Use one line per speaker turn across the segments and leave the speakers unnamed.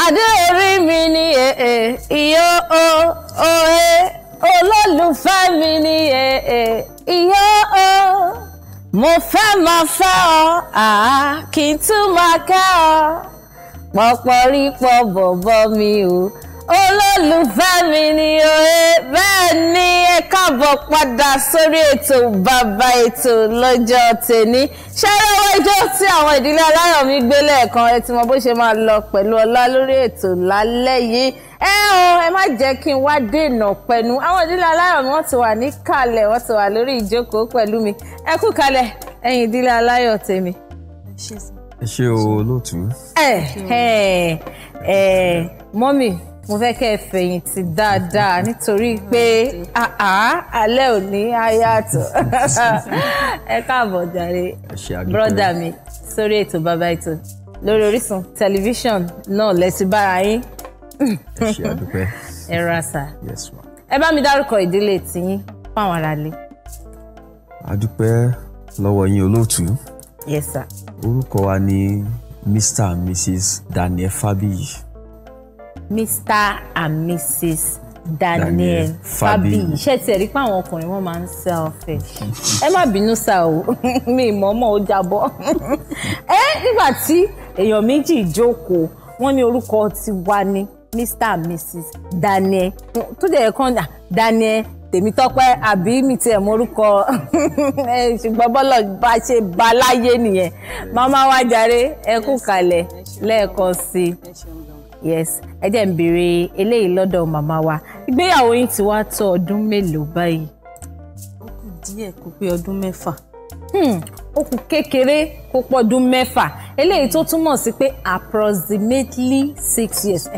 adé orí mi ni èè ìyó o òye olólùfẹ́ mi ni èè ìyó o mo fẹ́ máa fẹ́ ọ àá kí n tún máa kẹ́ ọ pọ̀pọ̀ rí pọ̀ bọ̀bọ̀ mi o olólùfẹ́ mi ni òye bẹ́ẹ̀ ni ẹ káàbọ̀ padà sórí ètò bàbá ètò lọ́jọ́ tèmi ṣẹ́rẹ́wọ́ ijó tí àwọn ìdílé aláyọ̀mí gbé lẹ́ẹ̀kan ẹ ti mọ bó ṣe máa lọ pẹ̀lú ọlá lórí ètò lálẹ́ yìí ẹ o ẹ má jẹ́ kí n wá dènà pẹ̀lú àwọn ìdílé aláyọ̀mí wọ́n ti wà ní kalẹ̀ wọ́n ti wà lórí ìjókòó pẹ̀lú mi ẹ kú kalẹ̀ ẹ̀yin ìdílé aláyọ̀ tèmi.
ẹ ṣe olóòtú.
ẹ ẹ ẹ mọ́mì mo fẹ́ kẹ́ ẹ fẹ̀yìntì dáadáa nítorí pé alẹ́ òní á yàtọ̀ ẹ káàbọ̀ jàre brọ́dà mi sórí ètò bàbá ètò lórí Orísun tẹlifíṣàn náà lẹ́sìn bára yín ẹ ra sà ẹ bá mi dárúkọ ìdílé tiyín fáwọn aráalé.
a dúpẹ́ lọ́wọ́ yín olóòtú. yes sir. orúkọ wa ni mr and mrs daniel fabiyi.
Mr and Mrs Daniel Fabi iṣẹ́ tiẹ̀ rí pé àwọn ọkùnrin wọn máa ń selfish ẹ má bínú sá o mi ìmọ̀ọ́mọ̀ ó jábọ́ ẹ nígbà tí èèyàn méjì jókòó wọ́n ní orúkọ tiwa ni Mr and Mrs Daniel tó jẹ́ kan Daniel Tèmítọ́pẹ́ àbí mi tiẹ̀ morúkọ ṣùgbọ́n bọ́lọ̀ bá ṣe ba láyé nìyẹn màmá wa jàre ẹ kú kalẹ̀ lẹ́ẹ̀kan sí i yes ẹ jẹ́ ń béèrè eléyìí lọ́dọ̀ màmá wa ìgbéyàwó yín ti wá tó ọdún mélòó báyìí. ó kù díẹ̀ kó pé ọdún mẹ́fà. Hmm. ó kù kékeré kó pọ̀ ọdún mẹ́fà eléyìí tó túmọ̀ sí pé approximately six years.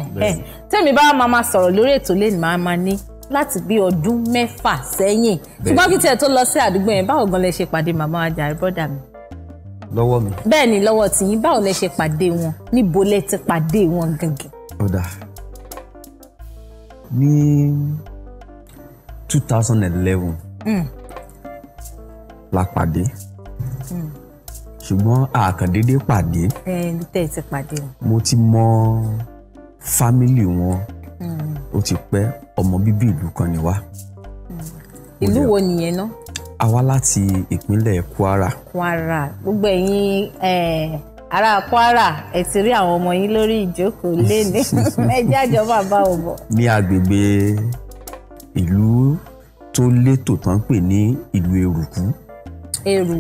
tẹ́mi bá máa sọ̀rọ̀ lórí ètò lẹ́nu máa máa ní láti bí ọdún mẹ́fà sẹ́yìn ṣùgbọ́n kí tiẹ̀ tó lọ sí àdúgbò yẹn báwo gan lẹ ṣe pàdé màmá ajáre bọ́dà mi. lọ́wọ́ mi. bẹ́ẹ̀ ni lọ́wọ́ tìyín báwo lẹ ṣe pàdé wọn níbo lẹ ti pàdé wọn gangan
ọ̀dà ní two thousand and eleven hmm. la pàdé hmm. ṣùgbọ́n àkàndédé pàdé
tẹ̀ ti pàdé
mo ti mọ fámìlì wọn hmm. ó ti pẹ́ ọmọ bíbí ìlú kan ni wá.
ìlú wo nìyẹn náà.
a wá láti ìpínlẹ̀ Kwara.
Kwara gbogbo ẹ̀yin. Eh ara Kwara ẹ ti rí àwọn ọmọ yín lórí ìjókòó léni ẹjẹ àjọba bá ò bọ.
ní agbègbè ìlú tó létò tán pè ní ìlú Èrùkú. Èrù.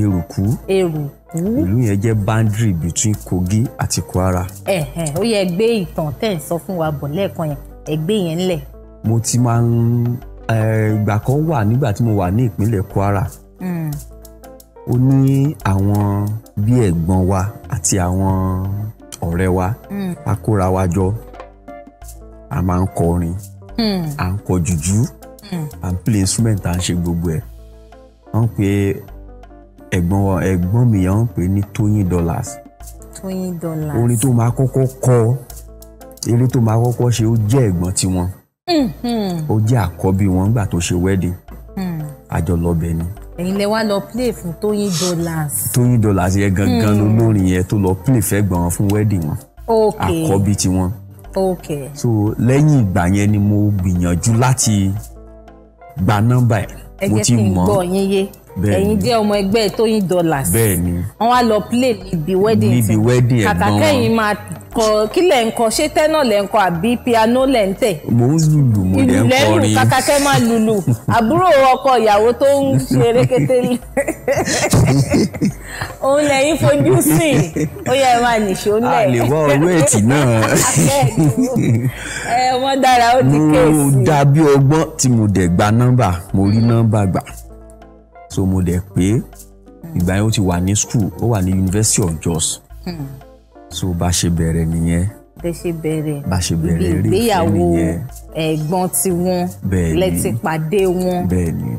Èrùkú.
Èrù ìlú
yẹn jẹ́ boundary between Kogi àti Kwara.
ẹ ẹ ó yẹ gbé ìtàn tẹ́ ẹ sọ fún wa bọ̀ lẹ́ẹ̀kan yẹn ẹ gbé yẹn lẹ̀.
mo ti máa ń ìgbà kan wà nígbà tí mo wà ní ìpínlẹ̀ Kwara o ní àwọn bí ẹ̀gbọ́n wa àti àwọn ọ̀rẹ́ wa hmm. a kóra wa jọ a máa ń kọrin à hmm. ń kọ jùjú à hmm. ń play instrument à ń ṣe gbogbo ẹ̀ wọ́n pe ẹ̀gbọ́n ẹ̀gbọ́n mi yẹn wọ́n pe ní Tóyìn dollars
twenty dollars orin tó
máa kọ́kọ́ kọ eré tó máa kọ́kọ́ ṣe ó jẹ́ ẹ̀gbọ́n tiwọn ó jẹ́ àkọ́bí wọn nígbà tó ṣe wedding àjọlọ́bẹ ni
ẹ̀yin lẹ wá lọ play fún Tóyìn Dollars.
Tóyìn Dollars yẹn gangan hmm. lolórin yẹn tó lọ play fẹ́ gbọ̀n fún wedding wọn.
ok àkọ́bí tiwọn. ok so
lẹ́yìn ìgbà yẹn ni mo gbìyànjú láti gba nọ́mbà ẹ̀ mo ti mọ̀ ẹ jẹ́ kí n gbọ́
yín yé ẹ̀yin jẹ́ ọmọ ẹgbẹ́ Tóyìn Dollars. bẹ́ẹ̀ni wọ́n wá lọ play níbi wedding níbi wedding ẹ̀gbọ́n wọn kàkà kẹ́yìn máa kọ kí lẹ̀ ń kọ ṣé tẹ́nà lẹ̀ ń kọ àbí piano lẹ̀ ń tẹ̀.
mò ń lùlù mo dẹ̀ ń kọrin ìlú lẹ́nu
kàkàkẹ́ máa lùlù àbúrò ọkọ ìyàwó tó ń ṣe rékété òun lẹ́yìn fojú sí ó yẹ máa nìṣó lẹ̀. a
lè wá ọ̀rọ̀ ètì náà. ẹ wọ́n dára ó di kéèsì. mo dàbí ọgbọ́n tí mo dẹ̀ gba nọ́mbà mo rí nọ́mbà gbà so mo dẹ̀ pé ìgbà yẹn ó ti wà ní school ó wà ní University of so bá ṣe bẹ̀rẹ̀ nìyẹn
tẹ ṣe bẹ̀rẹ̀
bá ṣe bẹ̀rẹ̀ rí ìgbéyàwó
ẹ̀gbọ́n tiwọn lẹ ti pàdé wọn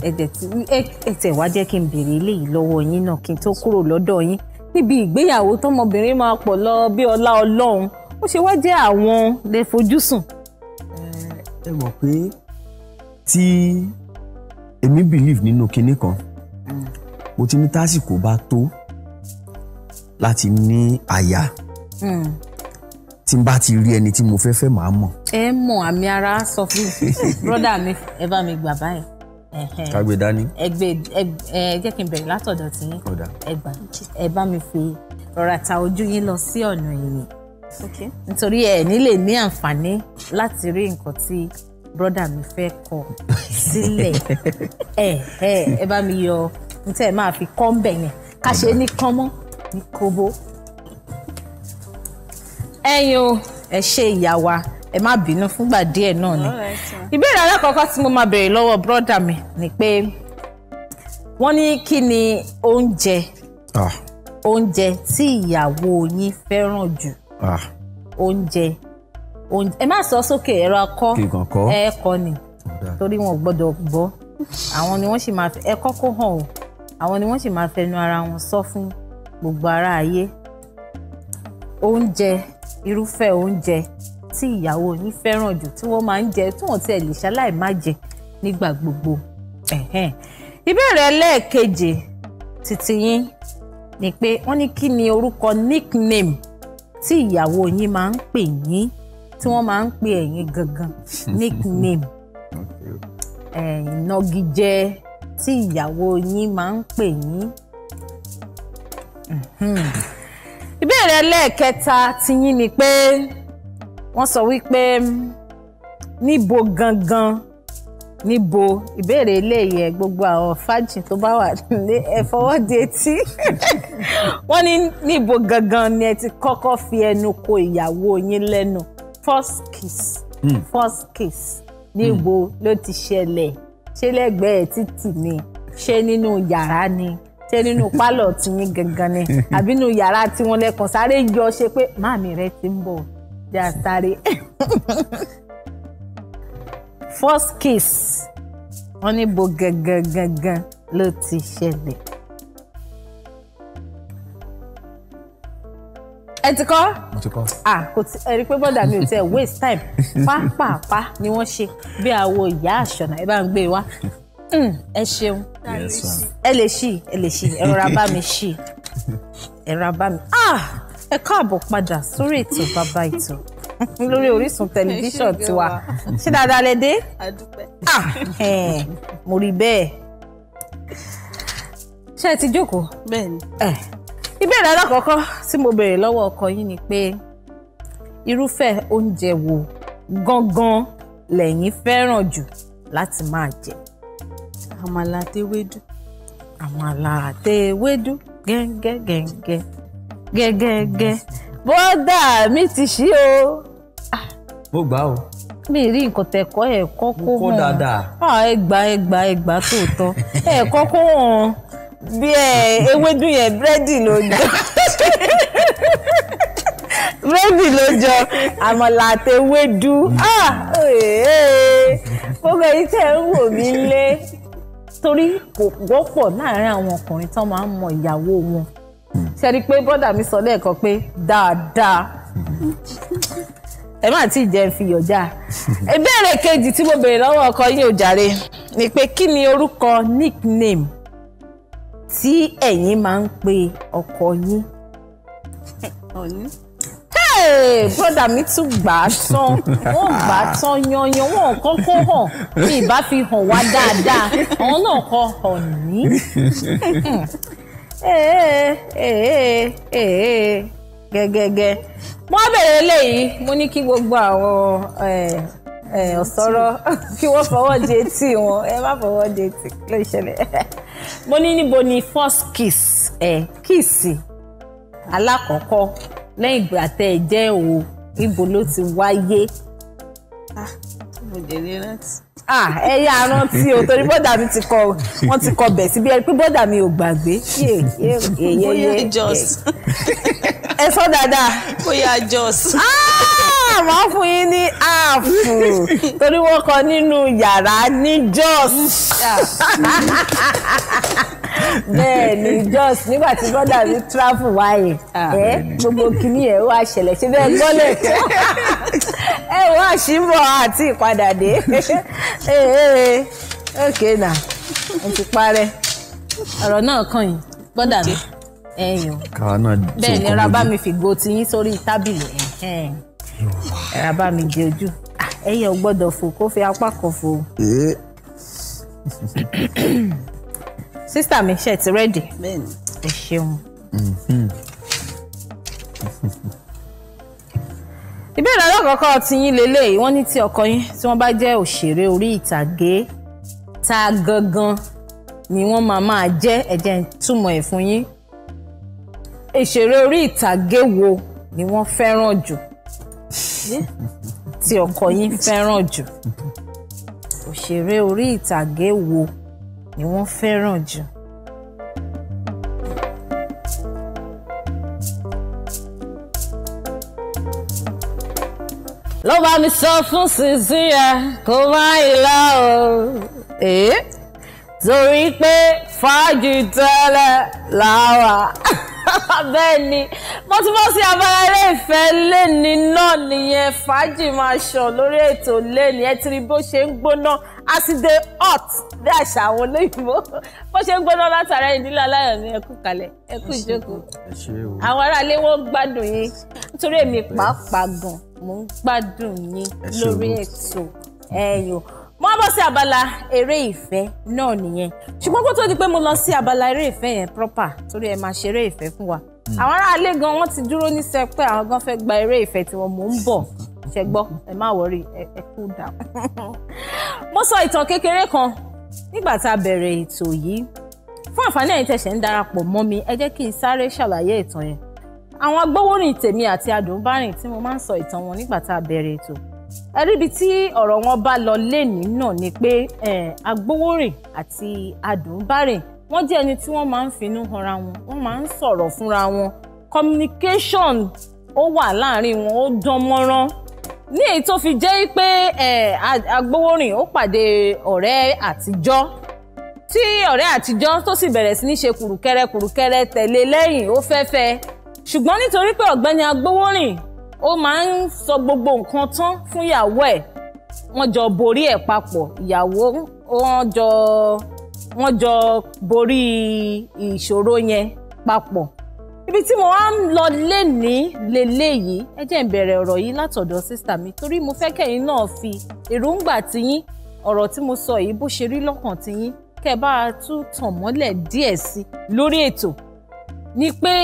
ẹ̀dẹ̀ tí ẹ tẹ̀ wá jẹ́ kí n béèrè eléyìí lọ́wọ́ yín náà kí n tó kúrò lọ́dọ̀ yín níbi ìgbéyàwó tọmọbìnrin máa pọ̀ lọ bí ọlá ọlọ́run ó ṣe wá jẹ́
àwọn lè fojúsùn. ẹ mọ̀ pé tí èmi believe nínú kinní kan mo ti ní tásìkò bá tó láti ní àyà. Mm Hmm. tí n bá ti rí ẹni tí mo fẹ́ fẹ́ màá mọ̀.
ẹ mọ àmì ara sọ fún mi brọdà mi ẹ bá mi gbà báyìí. kágbé dání. ẹgbẹ ẹ jẹ́ kí n bẹ̀rẹ̀ látọ̀dọ̀ tí yín ẹgbà ẹ bá mi fi rọra ta ojú yín lọ sí ọ̀nà ẹ̀yìn. nítorí ẹ nílè ní àǹfààní láti rí nǹkan tí brọdà mi fẹ́ kọ sílẹ̀ ẹ ẹ ẹ bá mi yọ nítorí máa fi kọ́ ń bẹ̀ ká ṣe é ní kánmọ́ ní kóbó ẹ̀yin o ẹ ṣe ìyá wa ẹ má bínú fúngbà díẹ̀ náà ni ìbéèrè alákọ̀ọ́kọ́ tí mo máa béèrè lọ́wọ́ bọ́dà mi ni pé wọ́n ní kí ni oúnjẹ ah. oúnjẹ tí ìyàwó yín fẹ́ràn jù ah. oúnjẹ ẹ má sọ sókè ẹ̀rọ akọ́ ẹ̀ẹ́kọ́ ni torí wọn ò gbọ́dọ̀ gbọ́ àwọn ni wọ́n sì máa ẹ kọ́kọ́ hàn o àwọn ni wọ́n sì máa fẹnu ara wọn sọ fún gbogbo ara ayé oúnjẹ irúfẹ́ oúnjẹ tí ìyàwó yín fẹ́ràn jù tí wọ́n máa ń jẹ tí wọ́n tiẹ̀ lè ṣaláì má jẹ nígbà gbogbo. ìbéèrè ẹlẹ́ẹ̀keje títí yín ni pé wọ́n ní kí ni orúkọ nickname tí ìyàwó yín máa ń pè yín tí wọ́n máa ń pè ẹ̀yin gangan nickname ìnagijẹ tí ìyàwó yín máa ń pè yín ìbéèrè lẹ́ẹ̀kẹta tiyín ni pé wọ́n sọ wípé níbo gangan níbo ìbéèrè eléyìí ẹ gbogbo àwọn fájì tó bá wà nílé ẹ fọwọ́ di etí wọ́n ní níbo gangan ni ẹ ti kọ́kọ́ fi ẹnu ko ìyàwó yín lẹ́nu first kiss hmm. first kiss níbo hmm. ló ti ṣẹlẹ̀ ṣé lẹ́gbẹ̀ẹ́ títì ni ṣé nínú yàrá ni ṣé nínú pálọ̀ tí yín gangan ni àbí nínú yàrá tí wọ́n lẹ́kàn sáré yọ ṣe pé máàmì rẹ ti ń bọ̀ jà sáré. first kiss wọ́n ní bo gangan gangan ló ti ṣẹlẹ̀. ẹ ti kọ́. ah kò tí ẹ rí i pé bọ́dà mi ò tẹ waste time pápápá ni wọ́n ṣe bí àwo ìyá àṣọ̀nà ẹ bá ń gbé e wá Hmm, ẹ ṣeun ẹ lè ṣí ẹ lè ṣí ẹ̀rọ abá mi ṣí ẹ̀rọ abá mi ah! ẹ káàbọ̀ padà sórí ètò bàbá ètò lórí Orísun tẹlifíṣàn tiwa ṣé dáadáa lẹ dé ah, mo rí bẹ́ẹ̀ ṣé ẹ ti jókòó bẹ́ẹ̀ ni ìbéèrè alákọ̀ọ́kọ́ tí mo béèrè lọ́wọ́ ọkọ yín ni pé irúfẹ́ oúnjẹ wo gangan lẹ̀yin fẹ́ràn jù láti máa jẹ àmàlà àtẹwédú àmàlà àtẹwédú
gẹ́ngẹ́gẹ́ngẹ́
gẹ́gẹ́gẹ́ bọ́dà mi ti ṣí o.
Ah, mo gbà o.
mi rí nǹkan tẹ̀kọ́ ẹ̀ kọ́kọ́ mọ́. mo kọ́ dáadáa. Ah, ẹgbàá ẹgbàá ẹgbàá tòótọ́ ẹ̀ kọ́kọ́ wọn bí ẹ ewédú yẹn búrẹ́dì ló jọ búrẹ́dì ló jọ àmàlà àti ewédú gbogbo èyí tẹ́ ń wò mí lé torí kò wọ́pọ̀ láàárín àwọn ọkùnrin tán máa ń mọ ìyàwó wọn ṣe rí i pé bọ́dà mi sọ lẹ́ẹ̀kan pé dáadáa ẹ má tí ì jẹ́ fi yọjà ìbéèrè kejì tí mo béèrè lọ́wọ́ ọkọ yín ò jàre ni pé kí ni orúkọ nickname tí ẹ̀yin máa ń pe ọkọ yín broda mi tún gbà á tán wọ́n gbà á tán yanyan wọ́n kọ́kọ́ hàn kí ìbá fi hàn wá dáadáa àwọn náà kọ́ hàn ní. Eh, eh, eh, gẹ́gẹ́gẹ́ mo á eléyìí mo ní kí gbogbo àwọn ọ̀sọ́rọ́ kí wọ́n fọwọ́ di etí wọn ẹ má fọwọ́ di etí ló ṣẹlẹ̀ mo ní níbo ni first kiss ẹ kíìsì alákọ̀ọ́kọ́ lẹ́yìn ìgbà tẹ́ ẹ jẹ́ òun ibo ló ti wáyé. Ah, mo jẹ ní rántí. Ah, ẹ yá rántí o torí bọ́dà mi ti kọ wọ́n ti kọ bẹ̀ síbi ẹni pé bọ́dà mi ò gbàgbé. bóyá Jos. ẹ sọ dáadáa. bóyá Jos ah, máa fún yín ní ààfù torí wọ́n kọ nínú yàrá ní Jos. bẹ́ẹ̀ ni Jos nígbà tí bọ́dà mi travel wáyé ah. ẹ gbogbo kìíní ẹ wá ṣẹlẹ̀ ṣe bẹ́ẹ̀ gbọ́lẹ̀ ẹ wá ṣíbọ̀ àti ìpadà dé Ok, na, mo ti parẹ́ ọ̀rọ̀ náà kàn yín bọ́dà mi ẹ̀yìn
o bẹ́ẹ̀ ni ra bá mi
fìgbó ti yín sórí tábìlì ẹ̀ ẹ̀ ra bá mi jẹ ojú ah, ẹ̀yìn ò gbọ́dọ̀ fò kó fi apá kan fò. sísá mi ṣe ti rẹ́dì ẹ ṣeun. Mm-hmm. ìbéèrè alákọ̀ọ́kọ́ ti yín lélẹ́yìí wọ́n ní tí ọkọ yín tí wọ́n bá jẹ́ òṣèré orí ìtàgé ta gangan ni wọ́n máa máa jẹ́ ẹ̀jẹ̀ ń túmọ̀ ẹ̀ fún yín òṣèré orí ìtàgé wo ni wọ́n fẹ́ràn jù tí ọkọ yín fẹ́ràn jù òṣèré orí ìtàgé wo ni wọ́n fẹ́ràn jù. ló bá mi sọ fún Cynthia kó má ìlà o torí pé fàájì tẹ́lẹ̀ làwà. bẹ́ẹ̀ ni mo ti bọ́ sí abala ilé ìfẹ́ lẹ́ni náà nìyẹn fàájì máa ṣàn lórí ètò lẹ́ni ẹ ti rí bó ṣe ń gbóná a sì dé hot bí àṣà àwọn olóyìnbó bó ṣe ń gbóná látara ìdílé aláyọ̀ ní ẹkú kalẹ̀ ẹkú ìjókòó àwọn aráalé wọn gbádùn yín nítorí èmi pàápàá gan mo ń gbádùn yín lórí ètò ẹ̀yọ̀ bọ́ sí abala eré ìfẹ́ náà nìyẹn ṣùgbọ́n kó tó di pé mo lọ sí abala eré ìfẹ́ yẹn proper torí ẹ máa ṣe eré ìfẹ́ fún wa àwọn aráalé gan wọn ti dúró ní sẹpẹ àwọn gan fẹ́ gba eré ìfẹ́ tiwọn mò ń bọ̀ ṣe gbọ́ ẹ má wọrí ẹ kú dà mo sọ ìtàn kékeré kan nígbà tá a bẹ̀rẹ̀ ètò yìí fún àǹfààní ẹ̀yin tẹ̀sẹ̀ ń darapọ̀ mọ́ mi ẹ jẹ́ kí n sáré ṣàlàyé ìtàn yẹn àwọn agbówórin tèmi àti adùn tí mo máa ń sọ ìtàn wọn nígbà tá a bẹ̀rẹ̀ ètò ẹríbi tí ọ̀rọ̀ wọn bá lọ lẹ́ni náà ni pé agbowórin àti adùnbárìn wọ́n jẹ́ ẹni tí wọ́n máa ń finú hanra wọn wọ́n máa ń sọ̀rọ̀ fúnra wọn communication ó wà láàrin wọn ó dán mọ́rán ní èyí tó fi jẹ́ pé agbowórin ó pàdé ọ̀rẹ́ àtijọ́ tí ọ̀rẹ́ àtijọ́ tó sì bẹ̀rẹ̀ sí ní ṣe kùrùkẹ́rẹ́ kùrùkẹ́rẹ́ tẹ̀lé lẹ́yìn ó fẹ́fẹ́ ṣùgbọ́n nítorí pé ọ̀gbẹ́ni agbowórin ó máa ń sọ gbogbo nǹkan tán fún ìyàwó ẹ̀ wọ́n jọ borí ẹ̀ papọ̀ ìyàwó wọ́n jọ wọ́n jọ borí ìṣòro yẹn papọ̀ ibi tí mo wá ń lọ lénìí leléyìí ẹ jẹ́ ń bẹ̀rẹ̀ ọ̀rọ̀ yìí látọ̀dọ̀ sísítà mi torí mo fẹ́ kẹ́yìn náà fi èròǹgbà tiyín ọ̀rọ̀ tí mo sọ yìí bó ṣe rí lọ́kàn tiyín kẹ́ bá a tún tàn mọ́lẹ̀ díẹ̀ sí lórí ètò ni pé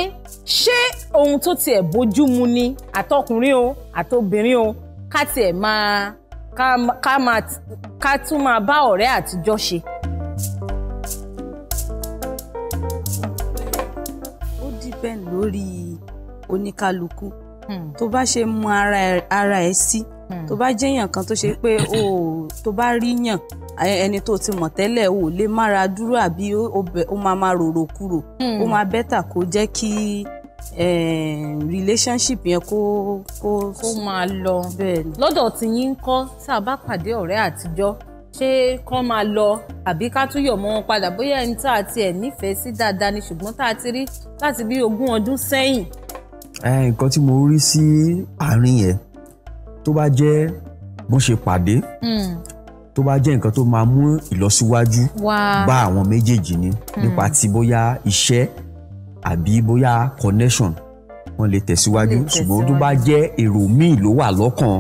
ṣé ohun tó tiẹ̀ bójú mu ni àtọkùnrin o àtobìnrin o ká tiẹ̀ máa ká tún máa bá ọ̀rẹ́ àtijọ́ ṣe. ó dìpẹ́ lórí oníkálukú Hmm. tó bá ṣe mọ ara ẹ sí hmm. tó bá jẹ́yàn kan tó ṣe pé o tó bá rí yàn ẹni tó ti mọ̀ tẹ́lẹ̀ o lè mára dúró àbí o máa máa rorò kúrò hmm. ó máa bẹ́tà kó jẹ́ kí relationship yẹn kó kó kó máa lọ lọ́dọ̀ tí yín ń kọ́ tá a bá pàdé ọ̀rẹ́ àtijọ́ ṣé kán máa lọ àbí ká tún yọ̀ mọ́ wọn padà bóyá ẹni tá a tiẹ̀ nífẹ̀ẹ́ sí dáadáa ni ṣùgbọ́n tá a ti rí láti bí ogún ọdún sẹ́yìn
nǹkan tí mo rí sí àárín yẹn tó bá jẹ́ bó ṣe pàdé hmm. tó bá jẹ́ nǹkan tó máa mú ìlọsíwájú bá àwọn méjèèjì ni hmm. nípa ti bóyá iṣẹ́ àbí bóyá connection wọn lè tẹ̀síwájú ṣùgbọ́n tó bá jẹ́ èrò míì ló wà lọ́kàn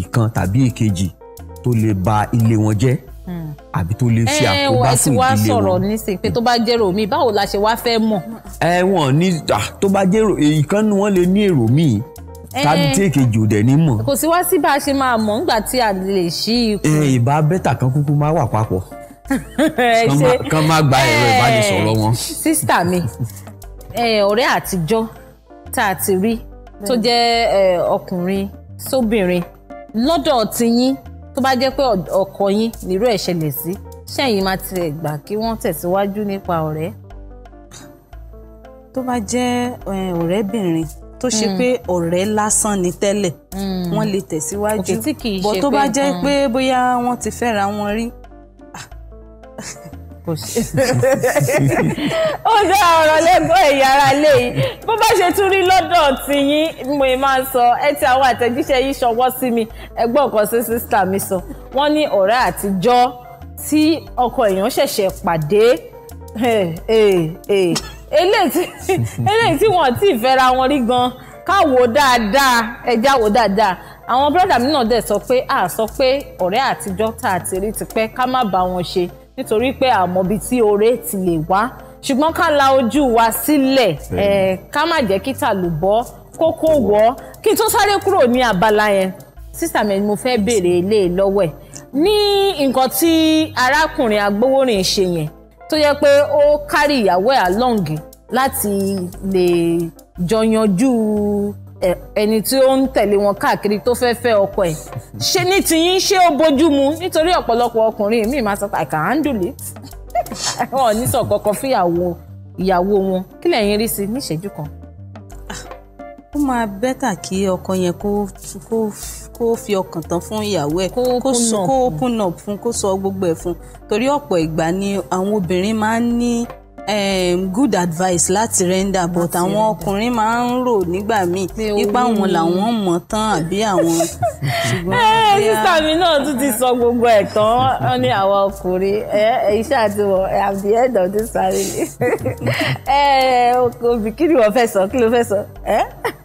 ìkan tàbí èkejì tó lè ba ilé wọn jẹ́ àbí tó lè ṣe eh, àkóbá fún ìdílé wọn. ẹ ti wá sọ̀rọ̀
nísìnyí pé tó bá jẹ́rò mi báwo la ṣe wá fẹ́ mọ̀.
ẹ wọn ní tó bá jẹ́rò ìkan ni wọ́n lè ní èrò míì tàbí eh, tí èkejì ò dẹ̀ ní mọ̀.
kò sí wá sí bá a ṣe máa mọ̀ nígbà tí a lè ṣí ikú.
Eh, ìbá bẹ́tà kan kúkú máa wà papọ̀ kan máa gba ẹ̀rọ ìbánisọ̀rọ̀ wọn.
sísítà mi ọ̀rẹ́ àtijọ́ tá a ti rí tó hmm. jẹ́ ọkùnrin sóbìnrin lọ́dọ̀ tiyín tó bá jẹ́ pé ọkọ yín nírú ẹ̀ ṣẹlẹ̀ sí ṣẹ́yìn máa tilẹ̀ gbà kí wọ́n tẹ̀síwájú nípa ọ̀rẹ́. tó bá jẹ́ ọ̀rẹ́bìnrin tó ṣe hmm. pé ọ̀rẹ́ lásán ni tẹ́lẹ̀ hmm. wọ́n lè tẹ̀síwájú bọ́ tó bá jẹ́ hmm. pé bóyá wọ́n ti fẹ́ra wọn rí kò sí. ó dá ọ̀rọ̀ lẹ́gbọ́n ẹ̀yà ara lé yìí bó bá ṣe tún rí lọ́dọ̀ tí yín mo máa ń sọ ẹ ti àwọn àtẹ̀jíṣẹ́ yìí ṣọwọ́ sí mi ẹgbọ́n kan sí sísítà mi sọ wọ́n ní ọ̀rẹ́ àtijọ́ tí ọkọ èèyàn ṣẹ̀ṣẹ̀ pàdé eléyìí tí wọ́n ti fẹ́ra wọn rí gan káwo dáadáa ẹja wo dáadáa àwọn brọ́dà mi náà dẹ̀ sọ pé a sọ pé ọ̀rẹ́ àtijọ́ tá a ti rí tipẹ́ ká má bá wọn ṣe nítorí pé àmọ́bi tí oore ti lè wá ṣùgbọ́n ká la ojú wa sílẹ̀ ẹ̀ ká má jẹ́ kí tàlùbọ́ kókó wọ́ kí n tó sáré kúrò ní abala yẹn sísà mi mo fẹ́ béèrè ilé lọ́wọ́ ẹ̀ ní nǹkan tí arákùnrin agbowórin ṣe yẹn tó yẹ pé ó kárí ìyàwó ẹ̀ along láti lè jọ yanjú ẹni tí ó ń tẹ̀lé wọn káàkiri tó fẹ́ fẹ́ ọkọ ẹ̀ ṣé ní tiyín ṣé ó bójú mu nítorí ọ̀pọ̀lọpọ̀ ọkùnrin mi máa sọ pé I can handle it wọn ò ní sọ kankan fíyàwó ìyàwó wọn kí lẹ́yìn rí sí níṣẹ́jú kan. Ah, ó máa bẹ́tà kí ọkọ yẹn kó kó kó fi ọkàn tán fún ìyàwó ẹ̀ kó kó kùnà fún kó sọ gbogbo ẹ̀ fún torí ọ̀pọ̀ ìgbà ni àwọn obìnrin máa ń ní um, good advice láti render but àwọn ọkùnrin máa ń rò nígbà míì ipa àwọn làwọn mọ̀ tán àbí àwọn.
ẹ eh, sísá
mi náà tún ti sọ gbogbo ẹ̀ tán wọ́n ní àwọn ọkùnrin eh, eh, iṣẹ́ àti wọ́n at the head of this family. ẹ ẹ òbí kí ni wọ́n fẹ́ sọ kí ló fẹ́ sọ.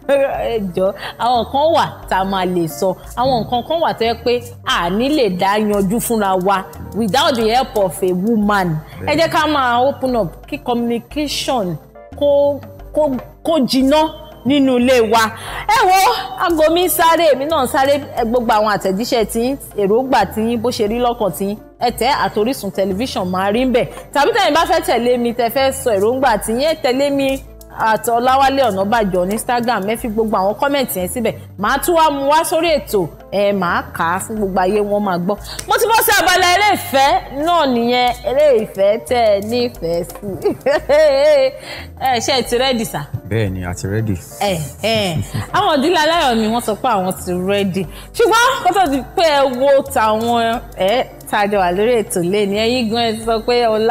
ẹjọ́ àwọn kan wà tá a máa lè sọ àwọn nǹkan kan wà tó yẹ pé a ní lè dá yanjú fúnra wa without the help of a woman ẹ jẹ́ ká máa open up kí communication kó kó kó jiná nínú ilé wa ẹ eh wo aago mi sáré èmi náà sáré gbogbo àwọn àtẹ̀jíṣẹ́ tí èròǹgbà tí bó ṣe rí lọ́kàn tí ẹ tẹ́ àtòrísun tẹlifíṣàn máa rí ń bẹ̀ tàbí tẹ̀yin bá fẹ́ tẹ̀lé mi tẹ́ fẹ́ sọ èròǹgbà tí ẹ tẹ̀lé mi at ọláwálé ọ̀nàbàjọ́ ní instagram ẹ fi gbogbo àwọn kọ́mẹ̀ntì yẹn síbẹ̀ màá tún wá mu wá sórí ètò ẹ màá kà á fún gbogbo ayé wọn máa gbọ́. mo ti bọ́ sí abala eré ìfẹ́ náà nìyẹn eré ìfẹ́ tẹ́ ẹ nífẹ̀ẹ́ sí ẹ ṣe ti rẹ́dì sà.
bẹ́ẹ̀ ni a ti rẹ́dì.
ẹ ẹ àwọn ìdílé aláyọ̀ mi wọ́n sọ pé àwọn ti rẹ́dì ṣùgbọ́n kó tó di pé ẹ wo tàwọn ẹ tàjọ wà lórí ètò lé Ni ẹ̀yin gan ẹ sọ pé ọlá.